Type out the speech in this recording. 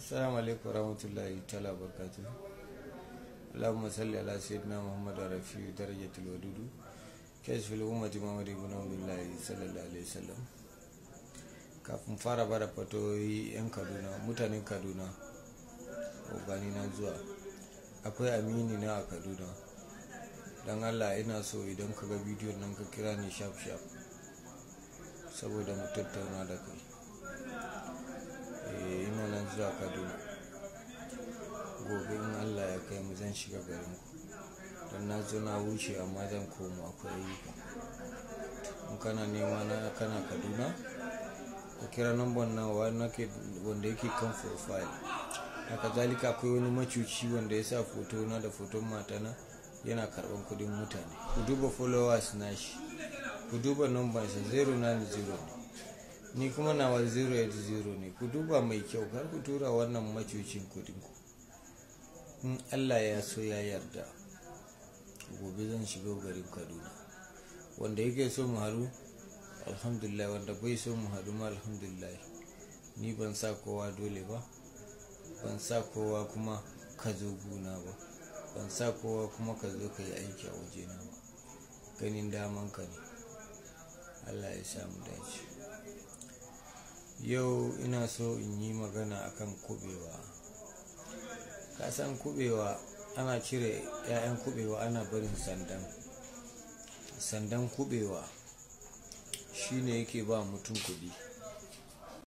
assalamu alaikum warahmatullahi ta'ala barkatu allahumma salli ala sayyidina rafi alaihi kafin fara bara fatoyi yan kaduna mutanen kaduna ogani na zuwa akwai amini na a kaduna don allah ina so idan ka ga bidiyon nan ka kira ni shaf shaf saboda mu tattauna da kai zuwa kaduna gobe in allah ya kai mu zan shiga garin ku don na zo na wuce amma zan koma akwai ayyuka in kana nema na kana kaduna ka kira nomba na wanda yake kan profile haka zalika akwai wani macuci wanda ya sa foto na da foton matana yana karban kudin mutane ku duba followers na shi ku duba numbansa 090 ni kuma nawa 080 ne ku duba mai kyau kar ku tura wannan macocin kudin in allah ya so ya yarda gobe zan shiga garin kaduna wanda yake so mu haru alhamdulillah wanda bai so mu haru ma alhamdulillah ni ban sa kowa dole ba ban sa kowa kuma ka zo guna ba ban sa kowa kuma ka zo ka yi aiki a waje na ba ganin daman ka ne allah ya samu dace yau ina so in yi magana akan kubewa kasan kubewa ana cire 'ya'yan kubewa ana barin sandan sandan kubewa shine yake ba mutum kuɗi